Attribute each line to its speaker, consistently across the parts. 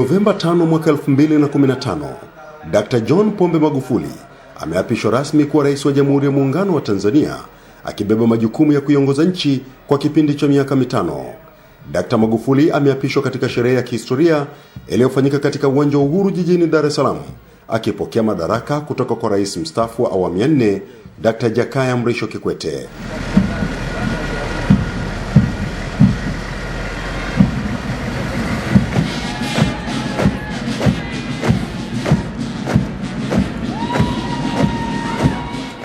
Speaker 1: Novemba 5 mwaka 2015, Dr. John Pombe Magufuli ameapishwa rasmi kuwa rais wa Jamhuri ya Muungano wa Tanzania akibeba majukumu ya kuiongoza nchi kwa kipindi cha miaka mitano. Dr. Magufuli ameapishwa katika sherehe ya kihistoria iliyofanyika katika uwanja wa Uhuru jijini Dar es Salaam akipokea madaraka kutoka kwa rais mstaafu wa awamu ya nne Dr. Jakaya Mrisho Kikwete.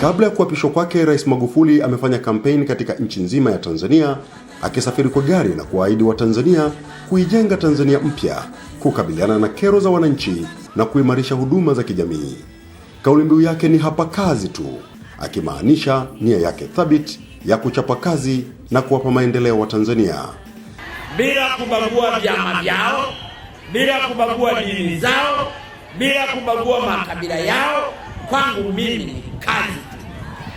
Speaker 1: Kabla ya kuapishwa kwake, Rais Magufuli amefanya kampeni katika nchi nzima ya Tanzania akisafiri kwa gari na kuwaahidi Watanzania kuijenga Tanzania mpya, kukabiliana na kero za wananchi na kuimarisha huduma za kijamii. Kauli mbiu yake ni hapa kazi tu, akimaanisha nia yake thabiti ya kuchapa kazi na kuwapa maendeleo wa Tanzania bila kubagua vyama vyao, bila kubagua dini zao, bila kubagua makabila yao. Kwangu mimi ni kazi.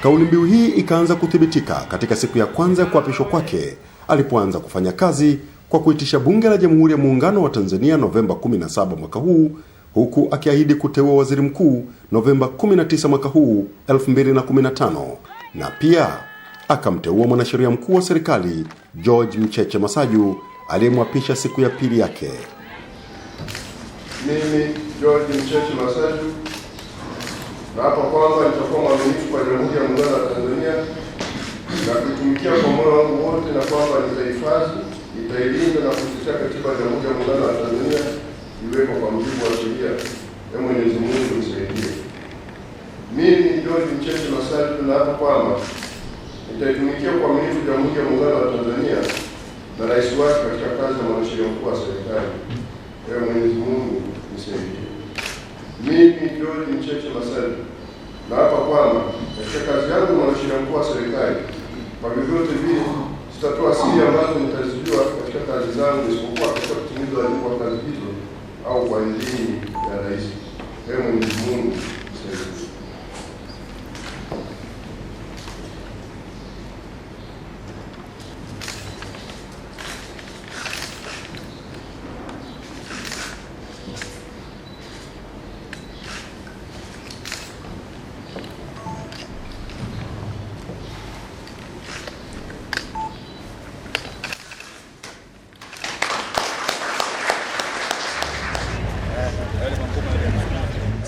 Speaker 1: Kauli mbiu hii ikaanza kuthibitika katika siku ya kwanza ya kuapishwa kwake alipoanza kufanya kazi kwa kuitisha Bunge la Jamhuri ya Muungano wa Tanzania Novemba 17 mwaka huu, huku akiahidi kuteua waziri mkuu Novemba 19 mwaka huu 2015, na pia akamteua mwanasheria mkuu wa serikali George Mcheche Masaju aliyemwapisha siku ya pili yake. Mimi George Mcheche Masaju na hapo kwanza nitakuwa mwaminifu kwa Jamhuri ya Muungano wa Tanzania na kuitumikia kwa moyo wangu wote, na kwamba nitahifadhi, nitailinda na kutetea Katiba ya Jamhuri ya Muungano wa Tanzania iwekwa kwa mujibu wa sheria. Ee Mwenyezi Mungu nisaidie. Mimi George Mcheche Masaju naapa kwamba nitaitumikia kwa uaminifu Jamhuri ya Muungano wa Tanzania na rais wake katika kazi ya mwanasheria mkuu wa serikali. Ee Mwenyezi Mungu nisaidie. Mimi George Mcheche Masaju hapa kwamba katika kazi yangu mwanasheria mkuu wa serikali, kwa vyovyote vile sitatoa siri ambazo nitazijua katika kazi zangu, isipokuwa katika kutimiza wajibu wa kazi hizo au kwa idhini ya Rais. Ee Mwenyezi Mungu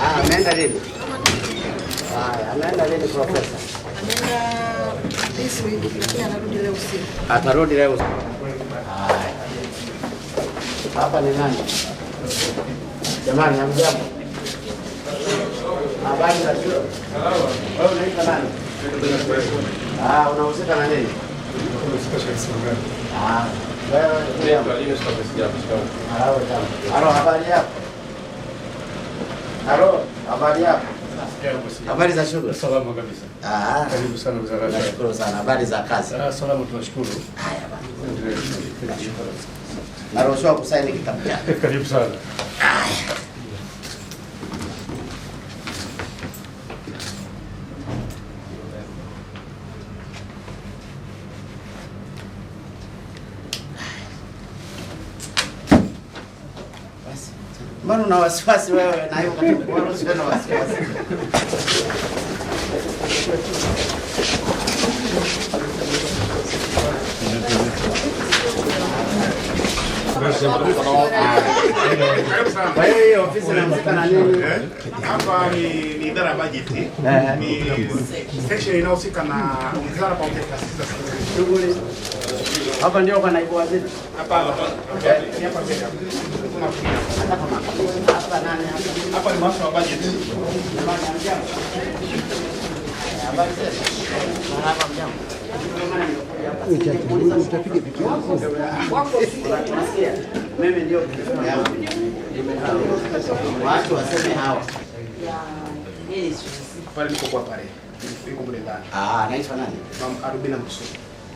Speaker 1: Ah, ameenda lini? Haya, ameenda lini profesa? Atarudi leo usiku. Hapa ni nani? Jamani, hamjambo? Habari za chuo? Wewe unaitwa nani? Ah, unahusika na nini? Ah, wewe. Ah, habari yako? Halo, habari yako? Habari za shughuli? Salama kabisa. Ah, karibu sana wizara. Nashukuru sana. Habari za kazi? Ah, salama tunashukuru. Haya Nashukuru. Naruhusiwa kusaini kitabu chako. Karibu sana. Haya. kwani una wasiwasi wewe? Na hivyo usiwe na wasiwasi. Kwa hiyo hiyo ofisi inahusika na nini? Hapa ni idara ya bajeti, eh. ni session inayohusika na wizara pamoja na taasisi za serikali. Hapa ndio kwa naibu waziri. Eh, hapa hapa. Hapa ni masuala ya budget.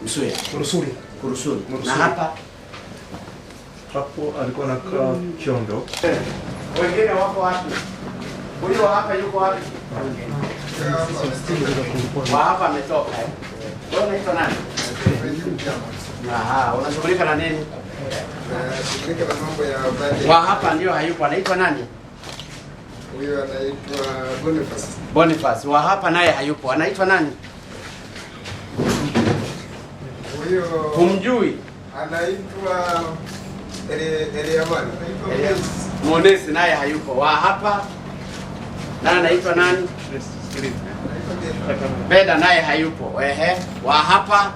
Speaker 1: Msuya. Ah, Msuya. Kurusuni. Na hapa hapo alikuwa na mm. Kiondo. Eh, wengine wako wapi? Huyo hapa yuko wapi? Wa hapa ametoka. Eh? Wewe unaitwa nani? Aha, unashughulika na nini? Wa hapa ndio hayupo, anaitwa nani? Huyo anaitwa Boniface. Boniface, wa hapa naye hayupo, anaitwa nani? humjui, anaitwa Mwonesi naye hayupo, wa hapa na anaitwa nani Beda naye hayupo. Ehe, wa hapa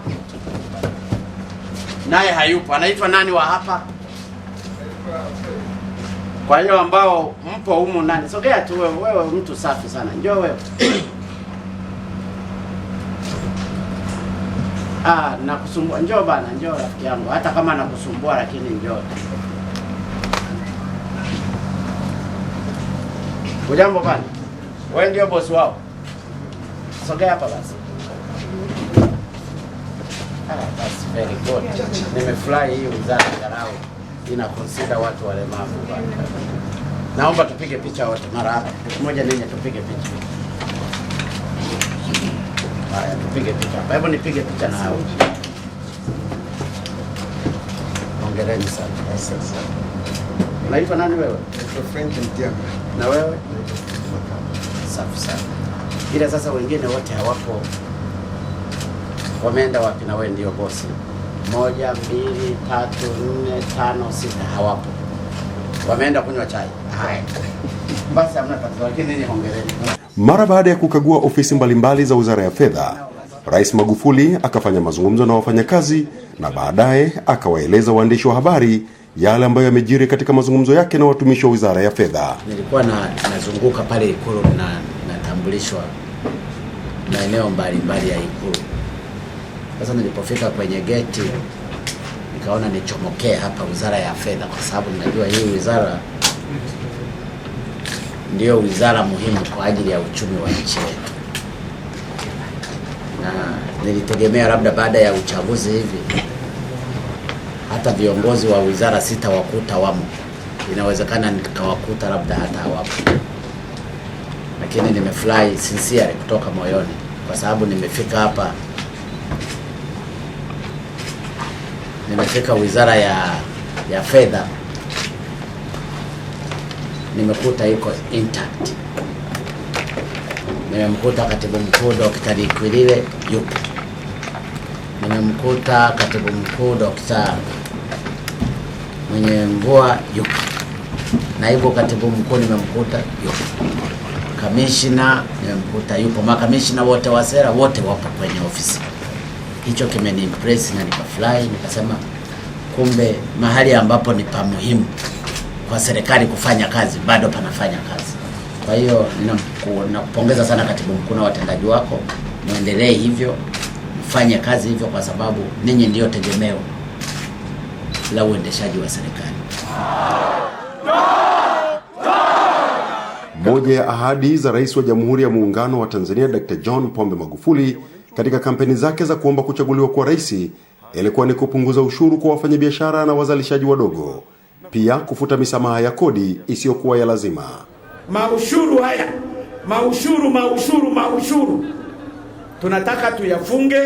Speaker 1: naye hayupo, anaitwa nani wa hapa? Kwa hiyo ambao mpo humu nani, sogea tu wewe, wewe mtu safi sana, njoo wewe Ah, nakusumbua. Njoo bana, njoo rafiki yangu, hata kama nakusumbua lakini njoo. Ujambo bana, wewe ndio bosi wao. Sogea hapa basi. Ah, basi very good. Nimefurahi hii wizara angalau ina consider watu walemavu bana. Naomba tupige picha wote mara hapa. Moja ninyi tupige picha. Haya, tupige picha hapa. Hebu nipige picha hao. Hongereni sana. naitwa nani wewe? Na wewe? Safi sana. Ila sasa wengine wote hawapo, wameenda wapi? Na wewe ndio bosi. Moja, mbili, tatu, nne, tano, sita, hawapo, wameenda kunywa chai. Haya basi, hamna tatizo, lakini ninyi hongereni. Mara baada ya kukagua ofisi mbalimbali za Wizara ya Fedha, Rais Magufuli akafanya mazungumzo na wafanyakazi na baadaye akawaeleza waandishi wa habari yale ambayo yamejiri katika mazungumzo yake na watumishi wa Wizara ya Fedha. Nilikuwa na nazunguka pale Ikulu na natambulishwa maeneo mbalimbali ya Ikulu. Sasa nilipofika kwenye geti nikaona nichomokee hapa Wizara ya Fedha kwa sababu ninajua hii wizara ndiyo wizara muhimu kwa ajili ya uchumi wa nchi yetu, na nilitegemea labda baada ya uchaguzi hivi hata viongozi wa wizara sita wakuta wamo, inawezekana nikawakuta labda hata hawapo, lakini nimefurahi sincere kutoka moyoni kwa sababu nimefika hapa, nimefika wizara ya, ya fedha nimekuta iko intact. Nimemkuta katibu mkuu Dr. Likwilile yupo, nimemkuta katibu mkuu Dr. mwenye mvua yupo, naibu katibu mkuu nimemkuta yupo, kamishna nimemkuta yupo, makamishna wote wa sera wote wapo kwenye ofisi. Hicho impress na nikafurahi, nikasema kumbe mahali ambapo ni pa muhimu kwa serikali kufanya kazi, bado panafanya kazi. Kwa hiyo nakupongeza sana katibu mkuu na watendaji wako, muendelee hivyo, mfanye kazi hivyo, kwa sababu ninyi ndiyo tegemeo la uendeshaji wa serikali. Moja ya ahadi za Rais wa Jamhuri ya Muungano wa Tanzania Dr. John Pombe Magufuli katika kampeni zake za kuomba kuchaguliwa kwa rais ilikuwa ni kupunguza ushuru kwa wafanyabiashara na wazalishaji wadogo pia kufuta misamaha ya kodi isiyokuwa ya lazima. Maushuru haya maushuru maushuru maushuru tunataka tuyafunge,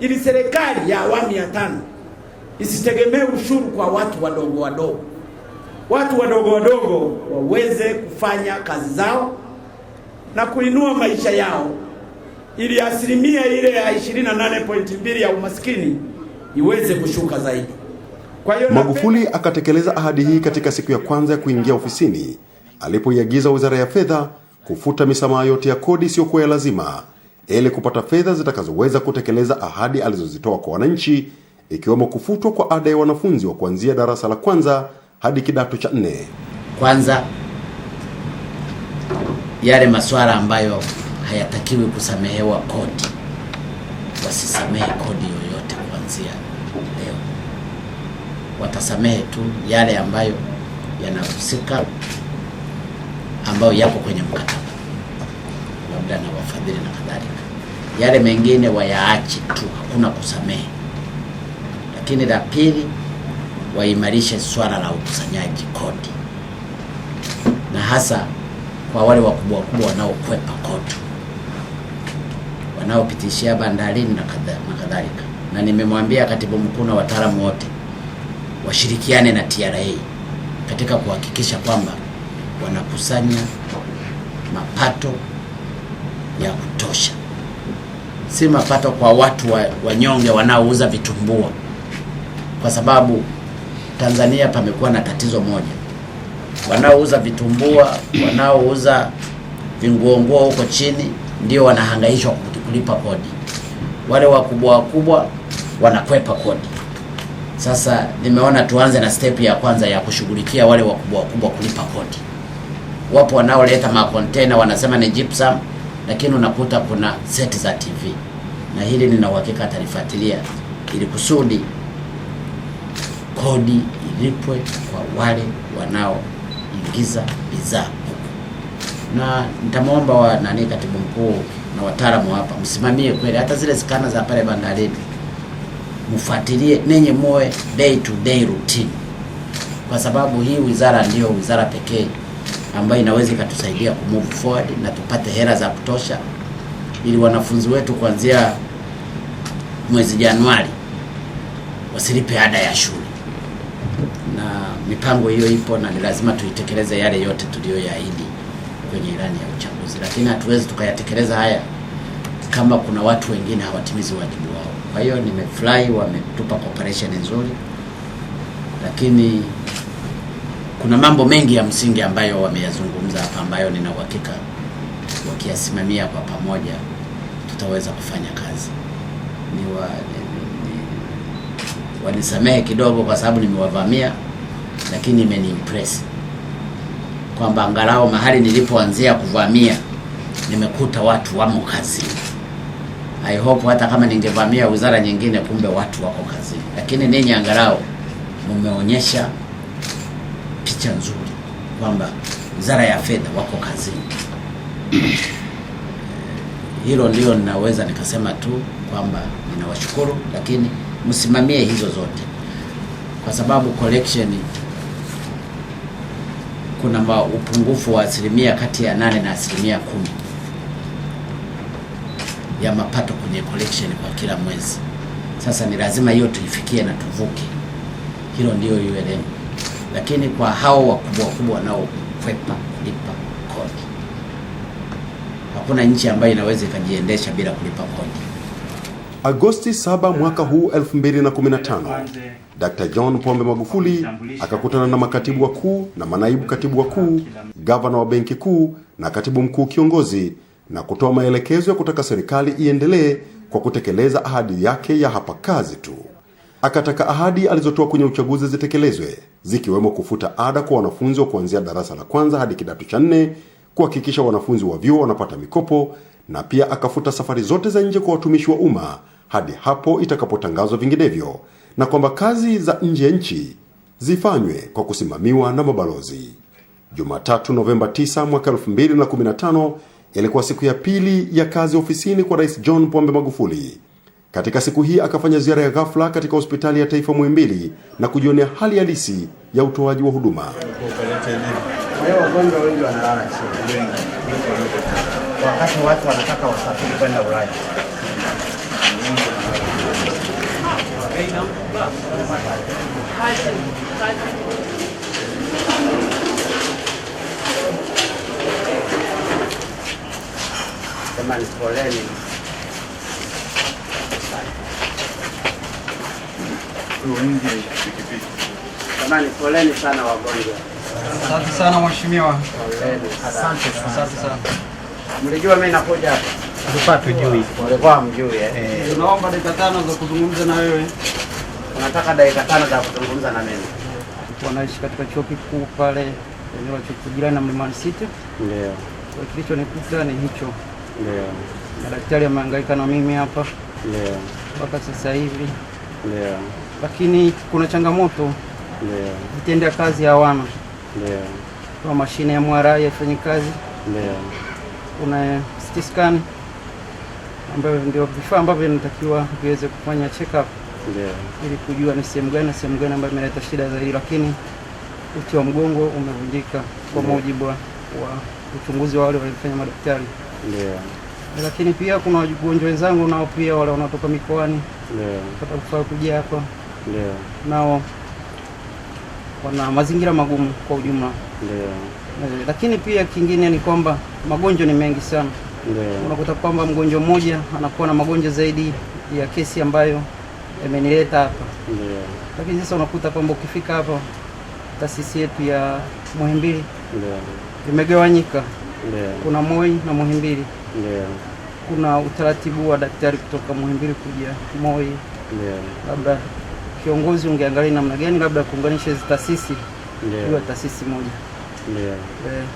Speaker 1: ili serikali ya awamu ya tano isitegemee ushuru kwa watu wadogo wadogo. Watu wadogo wadogo waweze kufanya kazi zao na kuinua maisha yao, ili asilimia ile ya 28.2 ya umaskini iweze kushuka zaidi. Magufuli akatekeleza ahadi hii katika siku ya kwanza ya kuingia ofisini alipoiagiza Wizara ya Fedha kufuta misamaha yote ya kodi isiyokuwa ya lazima ili kupata fedha zitakazoweza kutekeleza ahadi alizozitoa kwa wananchi, ikiwemo kufutwa kwa ada ya wanafunzi wa kuanzia darasa la kwanza hadi kidato cha nne. Kwanza, yale masuala ambayo hayatakiwi kusamehewa kodi, wasisamehe kodi yoyote kuanzia watasamehe tu yale ambayo yanahusika ambayo yako kwenye mkataba, labda na wafadhili na kadhalika. Yale mengine wayaache tu, hakuna kusamehe. Lakini la pili, waimarishe swala la ukusanyaji kodi, na hasa kwa wale wakubwa wakubwa wanaokwepa kodi, wanaopitishia bandarini na kadhalika. Na nimemwambia katibu mkuu na wataalamu wote washirikiane na TRA katika kuhakikisha kwamba wanakusanya mapato ya kutosha, si mapato kwa watu wanyonge wa wanaouza vitumbua, kwa sababu Tanzania pamekuwa na tatizo moja, wanaouza vitumbua, wanaouza vinguonguo huko chini ndio wanahangaishwa kulipa kodi, wale wakubwa wakubwa wanakwepa kodi. Sasa nimeona tuanze na step ya kwanza ya kushughulikia wale wakubwa wakubwa kulipa kodi. Wapo wanaoleta makontena wanasema ni gypsum, lakini unakuta kuna seti za TV, na hili nina uhakika atalifuatilia ili kusudi kodi ilipwe kwa wale wanaoingiza bidhaa huku, na nitamwomba wa nani, katibu mkuu na wataalamu hapa msimamie kweli, hata zile skana za pale bandarini mfuatilie ninyi muwe day to day routine, kwa sababu hii wizara ndiyo wizara pekee ambayo inaweza ikatusaidia ku move forward na tupate hela za kutosha, ili wanafunzi wetu kuanzia mwezi Januari wasilipe ada ya shule. Na mipango hiyo ipo na ni lazima tuitekeleze yale yote tuliyoyaahidi kwenye ilani ya uchaguzi, lakini hatuwezi tukayatekeleza haya kama kuna watu wengine hawatimizi wajibu wao. Kwa hiyo nimefurahi, wametupa cooperation nzuri, lakini kuna mambo mengi ya msingi ambayo wameyazungumza hapa ambayo nina uhakika wakiyasimamia kwa pamoja tutaweza kufanya kazi. Ni wa, ni, ni, wanisamehe kidogo kwa sababu nimewavamia, lakini imeniimpress kwamba angalau mahali nilipoanzia kuvamia nimekuta watu wamo kazini. I hope hata kama ningevamia wizara nyingine, kumbe watu wako kazini, lakini ninyi angalau mmeonyesha picha nzuri kwamba wizara ya fedha wako kazini. Eh, hilo ndio ninaweza nikasema tu kwamba ninawashukuru, lakini msimamie hizo zote, kwa sababu collection kuna upungufu wa asilimia kati ya nane na asilimia kumi ya mapato kwenye collection kwa kila mwezi. Sasa ni lazima hiyo tuifikie na tuvuke, hilo ndio iwe lengo. Lakini kwa hao wakubwa wakubwa wanaokwepa kulipa kodi, hakuna nchi ambayo inaweza ikajiendesha bila kulipa kodi. Agosti 7 mwaka huu 2015, Dr. John Pombe Magufuli akakutana na makatibu wakuu na manaibu katibu wakuu, gavana wa benki kuu na katibu mkuu kiongozi na kutoa maelekezo ya kutaka serikali iendelee kwa kutekeleza ahadi yake ya hapa kazi tu. Akataka ahadi alizotoa kwenye uchaguzi zitekelezwe, zikiwemo kufuta ada kwa wanafunzi wa kuanzia darasa la kwanza hadi kidato cha nne, kuhakikisha wanafunzi wa vyuo wanapata mikopo, na pia akafuta safari zote za nje kwa watumishi wa umma hadi hapo itakapotangazwa vinginevyo, na kwamba kazi za nje ya nchi zifanywe kwa kusimamiwa na mabalozi. Jumatatu Novemba 9 mwaka 2015 Ilikuwa siku ya pili ya kazi ofisini kwa Rais John Pombe Magufuli. Katika siku hii akafanya ziara ya ghafla katika hospitali ya taifa Muhimbili na kujionea hali halisi ya utoaji wa huduma. Jamani, poleni. Jamani, poleni sana wagonjwa. Asante sana mheshimiwa. Asante sana. Mlijua mimi nakuja hapa. Tulikuwa tujui. Walikuwa mjui eh. eh. Tunaomba dakika tano za kuzungumza na wewe. Unataka dakika tano za kuzungumza na mimi. Wanaishi katika chuo kikuu pale eneo la chuo jirani na Mlimani City. Ndio. Kilichonikuta ni hicho ndio. Daktari amehangaika na mimi hapa ndio mpaka sasa hivi ndio, lakini kuna changamoto ndio, vitendea kazi hawana ndio, kwa mashine ya MRI haifanyi kazi ndio, kuna CT scan ambayo ndio vifaa ambavyo vinatakiwa viweze kufanya check up ndio, ili kujua ni sehemu gani na sehemu gani ambayo imeleta shida zaidi, lakini uti wa mgongo umevunjika kwa mujibu wa uchunguzi wa wale walifanya madaktari. Yeah. Lakini pia kuna wagonjwa wenzangu nao pia wale wanaotoka mikoani pata kufaa kuja hapa nao wana mazingira magumu kwa ujumla. Yeah. Lakini pia kingine ni kwamba magonjwa ni mengi sana. yeah. Unakuta kwamba mgonjwa mmoja anakuwa na magonjwa zaidi ya kesi ambayo yamenileta hapa. yeah. Lakini sasa unakuta kwamba ukifika hapa taasisi yetu ya Muhimbili imegawanyika yeah. kuna Moi na Muhimbili yeah. kuna utaratibu wa daktari kutoka Muhimbili kuja Moi yeah. labda kiongozi ungeangalia namna gani labda kuunganisha hizi taasisi iwe taasisi moja yeah. yeah.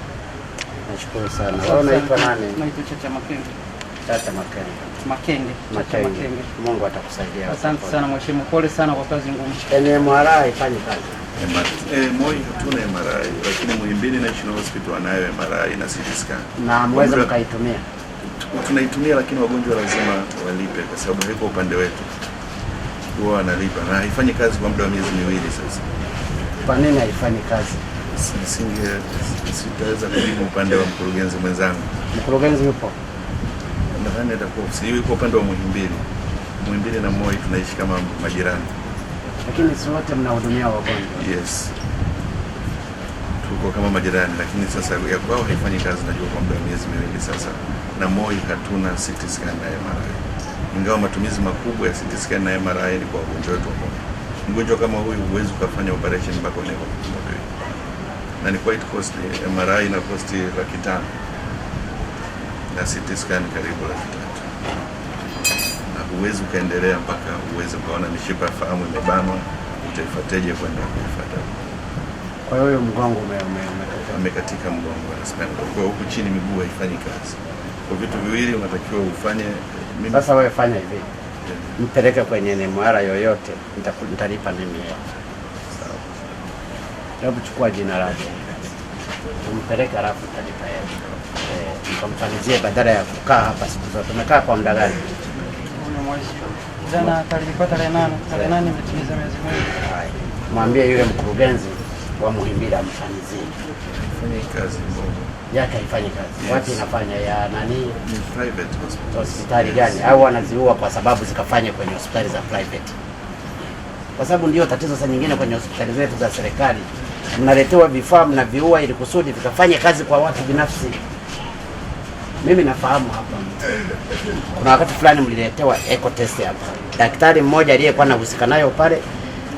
Speaker 1: Nashukuru sana. Wewe unaitwa nani? Naitwa Chacha Makenge. Chacha Makenge. Makenge. Chacha Makenge. Mungu atakusaidia. Asante sana mheshimiwa, pole sana kwa kazi ngumu. NMRA haifanyi kazi eh, Moi hatuna MRI lakini Muhimbili National Hospital wanayo MRI na CT scan. Na mweza mkaitumia? Tunaitumia, lakini wagonjwa lazima walipe kwa sababu haiko upande wetu, huwa wanalipa na haifanyi kazi kwa muda wa miezi miwili sasa. Kwa nini haifanyi kazi? Singe sitaweza kujibu upande wa mkurugenzi mwenzangu. Mkurugenzi yupo? Nadhani atakuwa sijui, yuko upande wa Muhimbili. Muhimbili na Moi tunaishi kama majirani. Lakini si wote mnahudumia wagonjwa? Yes, tuko kama majirani, lakini sasa ya kwao haifanyi kazi, najua kwa muda miezi miwili sasa, na MOI hatuna CT scan na MRI, ingawa matumizi makubwa ya CT scan na MRI ni kwa wagonjwa wetu wa MOI. Mgonjwa kama huyu huwezi ukafanya operation mpaka unapopimwa, na ni quite costly. MRI na cost laki tano na CT scan karibu laki tano huwezi ukaendelea mpaka uweze ukaona mishipa ya fahamu imebanwa, utaifuateje kwenda kuifuata? Kwa hiyo mgongo amekatika, mgongo spinal cord, Kwa hiyo huku chini miguu haifanyi kazi, kwa vitu viwili unatakiwa ufanye. Eh, mimi sasa, wewe fanya hivi, mpeleke kwenye nemwara yoyote, nitalipa mimi. Sawa, hebu chukua jina lake umpeleke, alafu nitalipa yeye, eh, nikamfanyizie badala ya kukaa hapa siku zote. Umekaa kwa muda gani? Jana kalilikuwa tarehe nane, tarehe nane imetimiza miezi miwili. Mwambie yule mkurugenzi wa Muhimbili amfanizie yake haifanye kazi. Wapi inafanya ya nani? Hospitali gani? Au wanaziua kwa sababu zikafanye kwenye hospitali za private? Kwa sababu ndio tatizo sa nyingine kwenye hospitali zetu za serikali, mnaletewa vifaa mnaviua ili kusudi vikafanye kazi kwa watu binafsi. Mimi nafahamu hapa, kuna wakati fulani mliletewa eco test hapa, daktari mmoja aliyekuwa anahusika nayo pale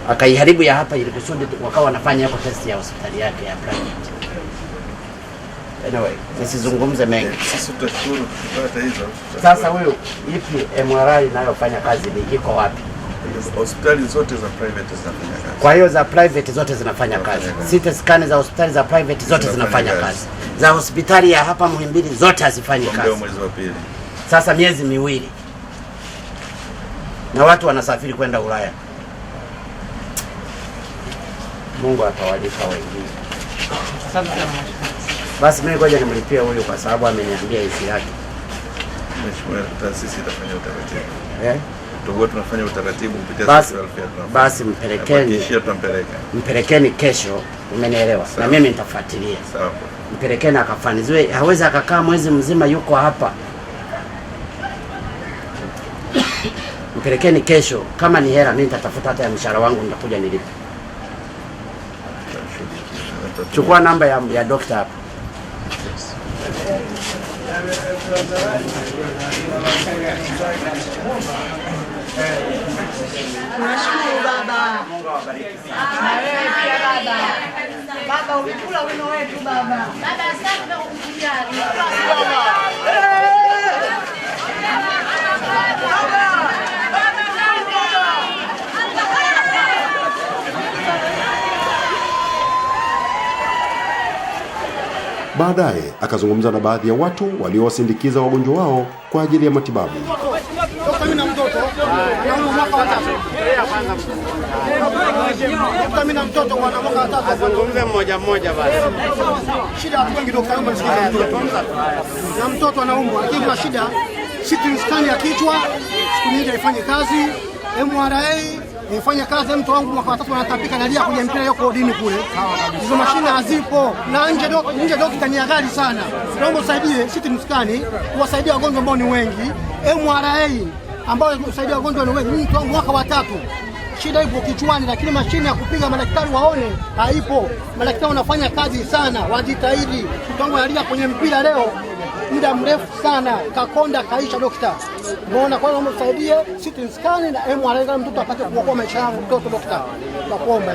Speaker 1: akaiharibu ya hapa, ili kusudi wakawa wanafanya eco test ya hospitali yake ya private. Anyway, nisizungumze mengi. Sisi tutashukuru kupata hizo. Sasa huyu ipi MRI inayofanya kazi ni iko wapi? hospitali zote za private zinafanya kazi. Kwa hiyo za private zote zinafanya kazi, CT scan za hospitali za private zote zinafanya kazi, za hospitali ya hapa Muhimbili zote hazifanyi kazi. Mwezi wa pili sasa, miezi miwili, na watu wanasafiri kwenda Ulaya. Mungu atawalipa wengine. Basi mimi ngoja nimlipie huyu kwa sababu ameniambia hisi yake. Mheshimiwa, taasisi itafanya utaratibu. Eh? tutakuwa tunafanya utaratibu kupitia basi, basi mpelekeni, mpelekeni kesho, umenielewa? Na mimi nitafuatilia, mpelekeni akafaniziwe. Hawezi akakaa mwezi mzima yuko hapa mpelekeni kesho. Kama ni hela, mimi nitatafuta hata ya mshahara wangu, nitakuja nilipe. Chukua namba ya, ya dokta hapa. Tunashukuru baba. pia baba. Baba wino wetu baba. Baba asante kwa Baadaye akazungumza na baadhi ya watu waliowasindikiza wagonjwa wao kwa ajili ya matibabu na mtoto mwana mwaka watatu azungumze mmoja mmoja basi. Shida watu wengi daktari msikiza mtoto na mtoto anaumwa, lakini kuna shida situ skani ya kichwa siku nyingi kazi. MRA ifanye kazi, mtu wangu mwaka watatu anatapika nalia kwenye mpira yoko dini kule, hizo mashine hazipo na nje nje, dokta ni ghali sana. Naomba usaidie situ skani kuwasaidia wagonjwa ambao ni wengi MRA ambayo kusaidia wagonjwa ni wengi. mwaka wa tatu, shida ipo kichwani, lakini mashine ya kupiga madaktari waone haipo. Madaktari wanafanya kazi sana, wajitahidi. Tangu alia kwenye mpira leo muda mrefu sana, kakonda kaisha. Dokta mbona nini msaidie CT scan na MRI kama mtoto apate kuokoa maisha yangu mtoto. Dokta nakuomba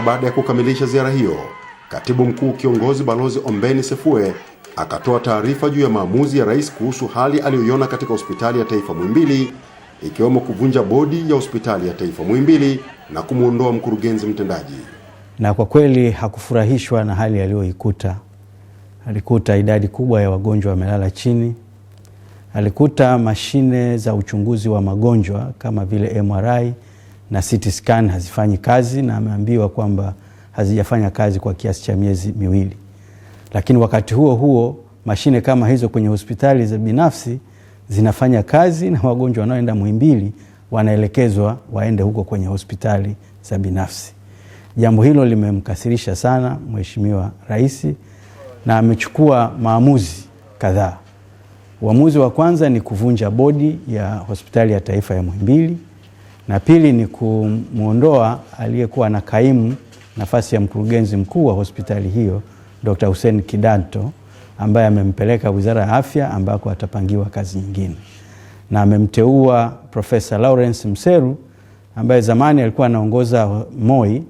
Speaker 1: Mara baada ya kukamilisha ziara hiyo, katibu mkuu kiongozi Balozi Ombeni Sefue akatoa taarifa juu ya maamuzi ya rais kuhusu hali aliyoiona katika hospitali ya taifa Muhimbili, ikiwemo kuvunja bodi ya hospitali ya taifa Muhimbili na kumwondoa mkurugenzi mtendaji. Na kwa kweli hakufurahishwa na hali aliyoikuta. Alikuta idadi kubwa ya wagonjwa wamelala chini, alikuta mashine za uchunguzi wa magonjwa kama vile MRI na CT scan hazifanyi kazi, na ameambiwa kwamba hazijafanya kazi kwa kiasi cha miezi miwili. Lakini wakati huo huo mashine kama hizo kwenye hospitali za binafsi zinafanya kazi, na wagonjwa wanaoenda Muhimbili wanaelekezwa waende huko kwenye hospitali za binafsi. Jambo hilo limemkasirisha sana Mheshimiwa Rais na amechukua maamuzi kadhaa. Uamuzi wa kwanza ni kuvunja bodi ya hospitali ya taifa ya Muhimbili na pili ni kumwondoa aliyekuwa na kaimu nafasi ya mkurugenzi mkuu wa hospitali hiyo Dr. Hussein Kidanto ambaye amempeleka Wizara ya Afya ambako atapangiwa kazi nyingine, na amemteua Profesa Lawrence Mseru ambaye zamani alikuwa anaongoza MOI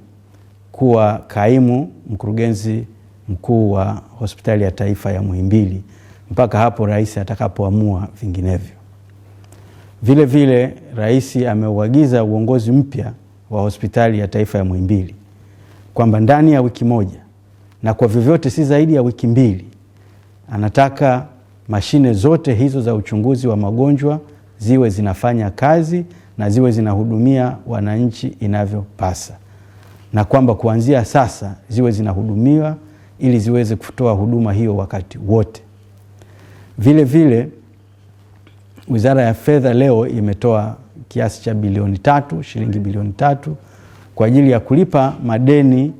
Speaker 1: kuwa kaimu mkurugenzi mkuu wa hospitali ya taifa ya Muhimbili mpaka hapo rais atakapoamua vinginevyo. Vile vile rais ameuagiza uongozi mpya wa hospitali ya taifa ya Muhimbili kwamba ndani ya wiki moja na kwa vyovyote si zaidi ya wiki mbili, anataka mashine zote hizo za uchunguzi wa magonjwa ziwe zinafanya kazi na ziwe zinahudumia wananchi inavyopasa, na kwamba kuanzia sasa ziwe zinahudumiwa ili ziweze kutoa huduma hiyo wakati wote. Vile vile Wizara ya Fedha leo imetoa kiasi cha bilioni tatu shilingi bilioni tatu kwa ajili ya kulipa madeni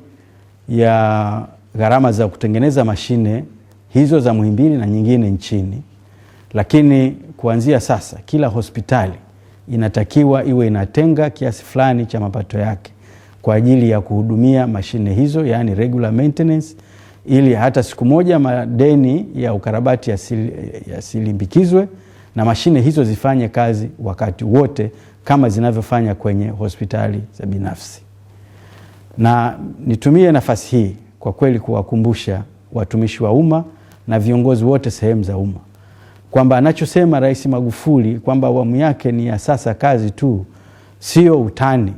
Speaker 1: ya gharama za kutengeneza mashine hizo za Muhimbili na nyingine nchini, lakini kuanzia sasa kila hospitali inatakiwa iwe inatenga kiasi fulani cha mapato yake kwa ajili ya kuhudumia mashine hizo, yani regular maintenance, ili hata siku moja madeni ya ukarabati yasilimbikizwe ya na mashine hizo zifanye kazi wakati wote kama zinavyofanya kwenye hospitali za binafsi. Na nitumie nafasi hii kwa kweli kuwakumbusha watumishi wa umma na viongozi wote sehemu za umma kwamba anachosema Rais Magufuli kwamba awamu yake ni ya sasa kazi tu, sio utani.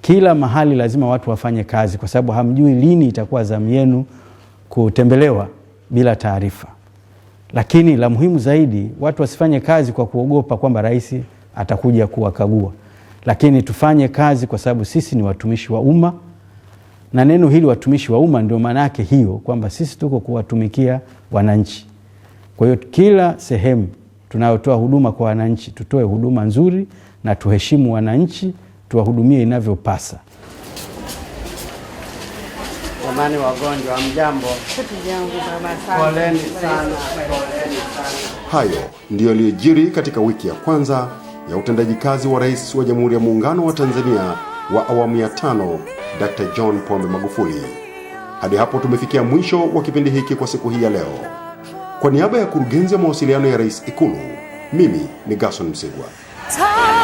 Speaker 1: Kila mahali lazima watu wafanye kazi, kwa sababu hamjui lini itakuwa zamu yenu kutembelewa bila taarifa. Lakini la muhimu zaidi, watu wasifanye kazi kwa kuogopa kwamba rais atakuja kuwakagua, lakini tufanye kazi kwa sababu sisi ni watumishi wa umma, na neno hili watumishi wa umma ndio maana yake hiyo, kwamba sisi tuko kuwatumikia wananchi. Kwa hiyo kila sehemu tunayotoa huduma kwa wananchi, tutoe huduma nzuri na tuheshimu wananchi, tuwahudumie inavyopasa. Jamani wagonjwa, mjambo? Poleni sana, Hayo ndiyo yaliyojiri katika wiki ya kwanza ya utendaji kazi wa Rais wa Jamhuri ya Muungano wa Tanzania wa awamu ya tano, Dr. John Pombe Magufuli. Hadi hapo tumefikia mwisho wa kipindi hiki kwa siku hii ya leo. Kwa niaba ya kurugenzi ya mawasiliano ya Rais Ikulu, mimi ni Gason Msigwa.